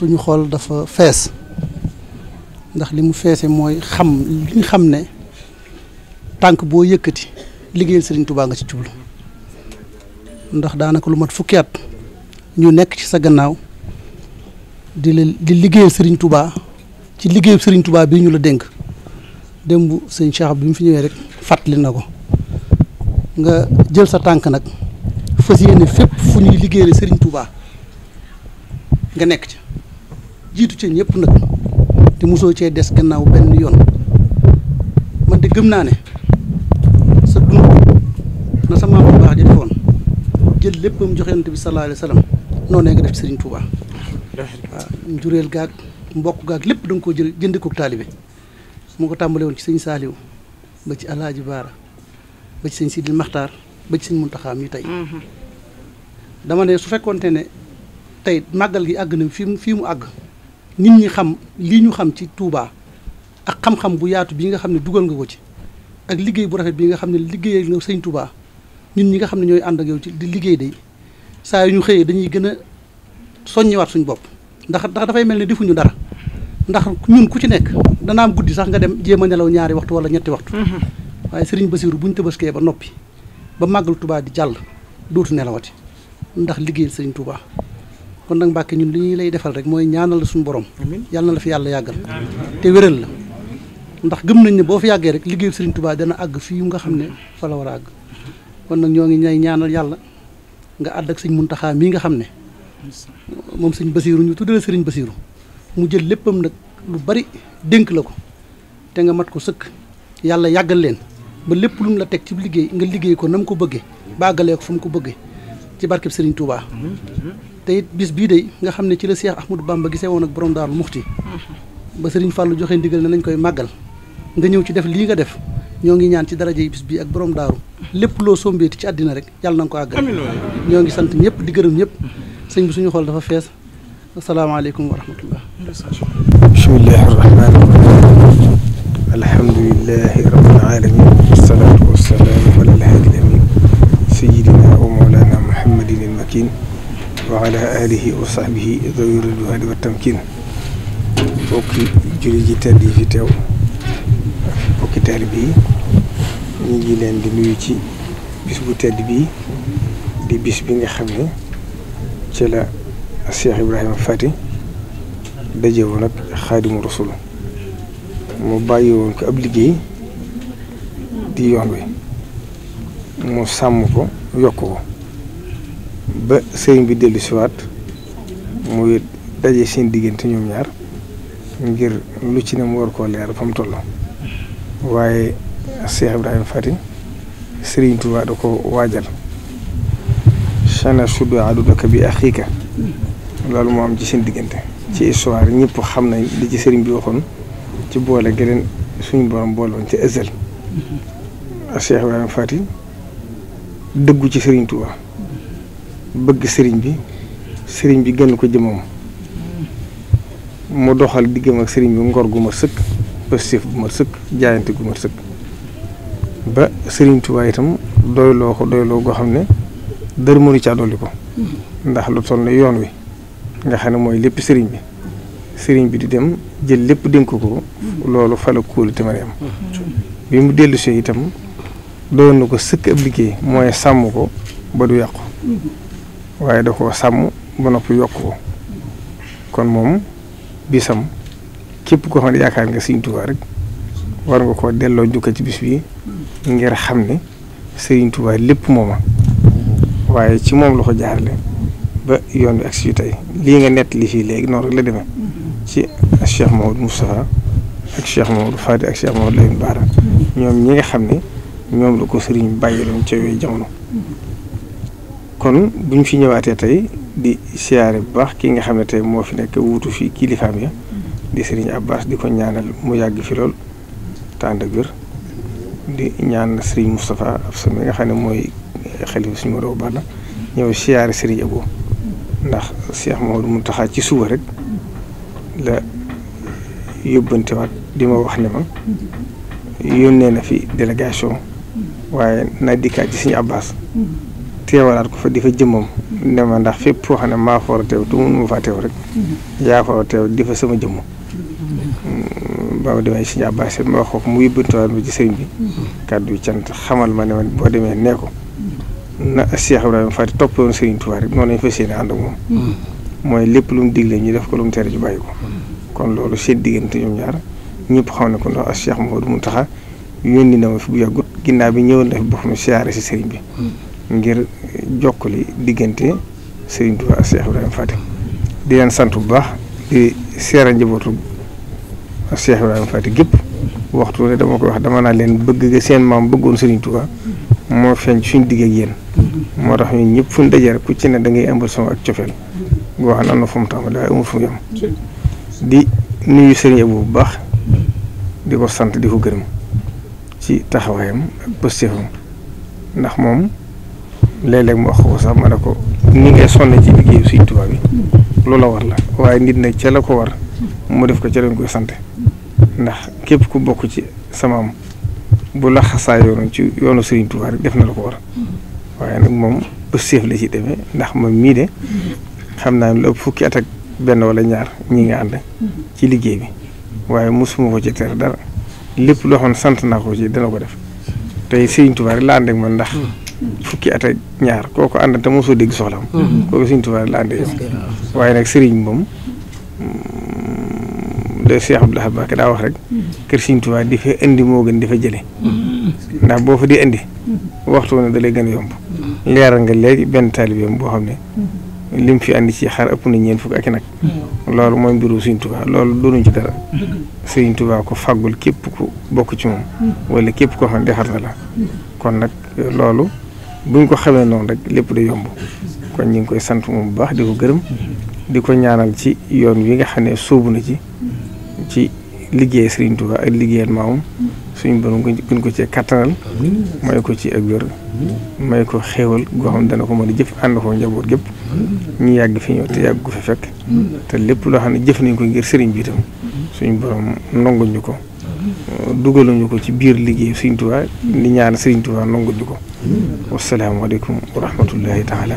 suñu xool dafa fees ndax li mu feese mooy xam li xam ne tànk boo yëkkati liggéeyal sëriñ tubaa nga ci jublu ndax daanaka lu mat fukki at ñu nekk ci sa gannaaw di la di liggéeyal sëriñ Touba ci liggéeyu Serigne Touba bii ñu la dénk démb sëñ Cheikh bi mu fi ñëwee rek fàttali na ko nga jël sa tànk nag fas yéene fépp fu ñuy liggéeyal Serigne Touba nga nekk ci. jiitu ci ñëpp nag te mosoo cee des gannaaw benn yoon man de gëm naa ne sa dund na sa maam bu baax ja defoon jël léppam joxe Yonent bi sallallahu waaw njureel gaag mbokk gaag lépp da nga koo jël jëndi ko taalibe mu ko tàmbale woon ci sëñ Saaliw ba ci Alaaji Baara ba ci sëñ Sidil Maxtaar ba ci sëñ Muntaxa mi tey mm-hmm. dama ne su fekkoonte ne tey màggal gi àgg na fii mu mu àgg nit ñi xam lii ñu xam ci tuubaa ak xam-xam bu yaatu bi nga xam ne dugal nga ko ci ak liggéey bu rafet bi nga xam ne liggéey nga sëñ Touba ñun ñi nga xam ne ñooy ànd ak yow ci di liggéey day saa yu ñu xëyee dañuy gën a soññiwaat suñu bopp ndax ndax dafay mel ne defuñu dara ndax ñun ku ci nekk dana am guddi sax nga dem jéem a nelaw ñaari waxtu wala ñetti waxtu mm-hmm. waaye sëriñ Basiru bu ñu tëbaskee ba noppi ba màggal Touba di jàll dootu nelawati ndax liggéeyal sëriñ kon nag Mbàkke ñun li ñuy lay defal rek mooy ñaanal la suñu borom yàlla na la fi yàlla yàggal te wéral la ndax gëm nañ ne boo fi yàggee rek liggéey Sëriñ Tuubaa dana àgg fii nga xam ne fa war a àgg kon nag ñoo ngi ñay ñaanal yàlla nga àdd sëñ Muntaxaa mii nga xam ne moom sëñ Basiiru ñu tuddale sëriñ Basiiru mu jël léppam nag lu bari dénk la ko te nga mat ko sëkk yàlla yàggal leen ba lépp lu la teg ci liggéey nga liggéey ko na ko bëggee bàggalee ko fa ko bëggee ci barkeb Sëriñ Tuubaa te it bis bii day nga xam ne ci la Seex Ahmadou Bamba gisee woon ak borom daaru muxti mm-hmm. ba Serigne Fallou joxe ndigal ne lañ koy màggal nga ñëw ci def lii nga def ñoo ngi ñaan ci daraje yi bis bii ak borom daaru lépp loo sombeeti ci àddina rek yàlla na nga ko àggal ñoo ngi sant ñëpp di gërëm ñëpp sëñ bi suñu xool dafa fees asalaamaaleykum wa rahmatullah bismillahi rahmaani rahim alhamdulilahi rabbil alamin wasalaatu wasalaamu ala alhaadi alamin wa mawlana wa ala alihi wa sahbihi dawi ridwaani wa tamkin bokki julli ji teew ak bokki ñu ngi leen di nuyu ci bis bu tedd bii di bis bi nga xam ne ci la Cheikh Ibrahima Fati daje woon ak xaadimu rasul mu bàyyi woon ko ab liggéey di yoon mu sàmm ko yokk ko ba sëriñ bi dellu siwaat muy daje seen diggante ñoom ñaar ngir lu ci ne mu war koo leer fa mu toll waaye Cheikh Ibrahima Fati sëriñ Tuubaa da ko waajal chana sud adudaka bi axiika loolu moo am ci seen diggante ci histoire ñëpp xam nañ li ci sëriñ bi waxoon ci boole geneen suñu borom boole woon ci ëzël Cheikh Ibrahima Fati dëggu ci sëriñ Tuubaa bëgg sëriñ bi sëriñ bi gën ko jëmam mu doxal diggam ak sëriñ bi ngor gu ma sëkk pëstif bu ma sëkk jaayante gu ma sëkk ba sëriñ itam doyloo goo xam ne dër mënu caa dolli ko ndax yoon wi nga xam mooy lépp sëriñ bi sëriñ bi di dem jël lépp dénk ko loolu fala kóolu te bi mu dellusee itam doon na ko sëkk ab liggéey mooy sàmm ko ba du yàqu waaye da koo sàmm ba noppi yokk ko kon moom bisam képp ko xam ne yaakaar nga Sëriñ Tuubaa rek war nga koo delloo njukka ci bis bi ngir xam ne Sëriñ Tuubaa lépp mooma waaye ci moom la ko jaarale ba yoon bi ak si tey lii nga nett li fii léegi noonu la demee ci Cheikh Mamadou Moustapha ak Cheikh Mamadou Fadi ak Cheikh Mamadou Lamine Bara ñoom ñi nga xam ne ñoom la ko sëriñ bàyyi doon ca yooyu jamono kon bu ñu fi ñëwaatee tey di siyaare bu baax ki nga xam ne tey moo fi nekk wuutu fi kilifaam ya di sëriñ Abbas di ko ñaanal mu yàgg fi lool tànd ak wér di ñaan Serigne Moustapha Absa mi nga xam ne mooy xalifa suñu Modou Balla ñëw siyaare Serigne Abo ndax Cheikh mu Mountakha ci suba rek la yóbbantewaat di ma wax ne ma yónnee na fi délégation waaye na dikkaat ci Serigne Abbas teewalaat ko fa di fa jëmmam ne ma ndax fépp foo ne maa a teew te mënu ma faa teew rek yaa fa war a teew di fa sama jëmm mm, ba ma demee Sëñ ko mu yëbbantuwaat ma ci sëriñ bi kàddu yi cant xamal ma ne boo demee nee ko na Cheikh Ibrahima Faty toppoon sëriñ Tuubaa rek noonu lañ fa séenee ànd moom mooy lépp lu mu digle ñu def ko lu mu tere ju bàyyi ko kon loolu seen diggante ñoom ñaar ñëpp xam ne ko ndax ak Cheikh mu tax yónni na ma fi bu yàggut ginnaaw bi ñëwoon na fi boppam siyaare si sëriñ bi ngir jokkali diggante Serigne Touba ak Cheikh Ibrahima Fati di leen sant bu baax di seera njabootu Cheikh Ibrahima Fati gépp waxtu ne dama koy wax dama naa leen bëgg ga seen maam bëggoon Serigne Touba moo feeñ suñ digg ak yéen moo tax ñun ñëpp fu ñu dajee rek ku ci ne da ngay ëmbal sama ak cofeel boo xam ne am na fu mu tàmbali waaye amul fu mu yem di nuyu Serigne Abou bu baax di ko sant di ko gërëm ci taxawaayam ak pëstéefam ndax moom léeg mu ma wax ko sax ma ne ko ni ngay sonne ci liggéeyu Sëriñ Tuubaa bi loola war la waaye nit nag ca la ko war mu def ko ca lañ koy sant ndax képp ku bokk ci samaam bu la xasaa yoonu ci yoonu Sëriñ def na ko war waaye nag moom pëstéef la ci demee ndax man mii de xam naa ne lu fukki at ak benn wala ñaar ñi nga ànd ci liggéey bi waaye mosuma ko ci ter dara lépp loo xam sant naa ko ci dana ko def tey Sëriñ Tuubaa rek la ànd ak ndax fukki at ak ñaar kooku ànd te mosoo dégg soxlaam. Mm-hmm. kooku Sëriñ Tuubaa la àndee yow. waaye nag sëriñ moom mm, de Cheikh Abdou Lahad Mbacké daa wax rek. Mm-hmm. kër Sëriñ Tuubaa di fa indi moo gën di fa jëlee. Mm-hmm. ndax boo fa di indi. waxtu ne da a yomb. leeral nga boo xam ne. lim fi andi ci xar ëpp na ñeent fukk ak ko faggul képp ku ci moom. wala képp koo xam ne nag loolu. buñ ko xamee noonu rek lépp da yomb kon ñu ngi koy sant moom bu baax di ko gërëm di ko ñaanal ci yoon wi nga xam ne soobu na ci ci liggéey Serigne Touba ak liggéeyal maamam suñu borom gën ko ci kattanal may ko ci ak wér may ko xéewal goo xam dana ko mën a jëf ànd ko njaboot gépp ñu yàgg fi ñëw te yàgg ko fi fekk te lépp loo xam ne jëf nañ ko ngir sëriñ biitam itam suñu borom nanguñu ko dugaluñu ko ci biir liggéey Sëriñ Tuubaa di ñaan Sëriñ Tuubaa nongu ñu ko hmm. wasalaamualeykum wa rahmatullahi taala